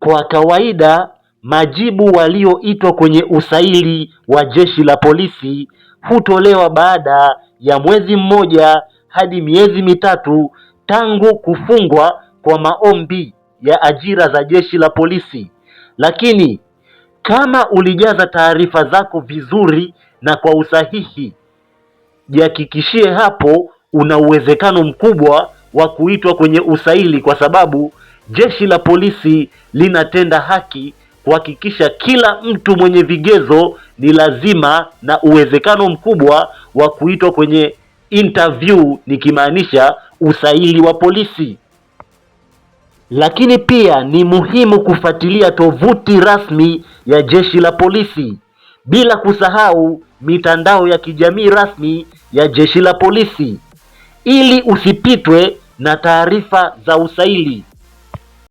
Kwa kawaida majibu walioitwa kwenye usaili wa Jeshi la Polisi hutolewa baada ya mwezi mmoja hadi miezi mitatu tangu kufungwa kwa maombi ya ajira za Jeshi la Polisi. Lakini kama ulijaza taarifa zako vizuri na kwa usahihi, jihakikishie hapo, una uwezekano mkubwa wa kuitwa kwenye usaili, kwa sababu Jeshi la polisi linatenda haki kuhakikisha kila mtu mwenye vigezo ni lazima na uwezekano mkubwa wa kuitwa kwenye interview, nikimaanisha usaili wa polisi. Lakini pia ni muhimu kufuatilia tovuti rasmi ya jeshi la polisi, bila kusahau mitandao ya kijamii rasmi ya jeshi la polisi ili usipitwe na taarifa za usaili.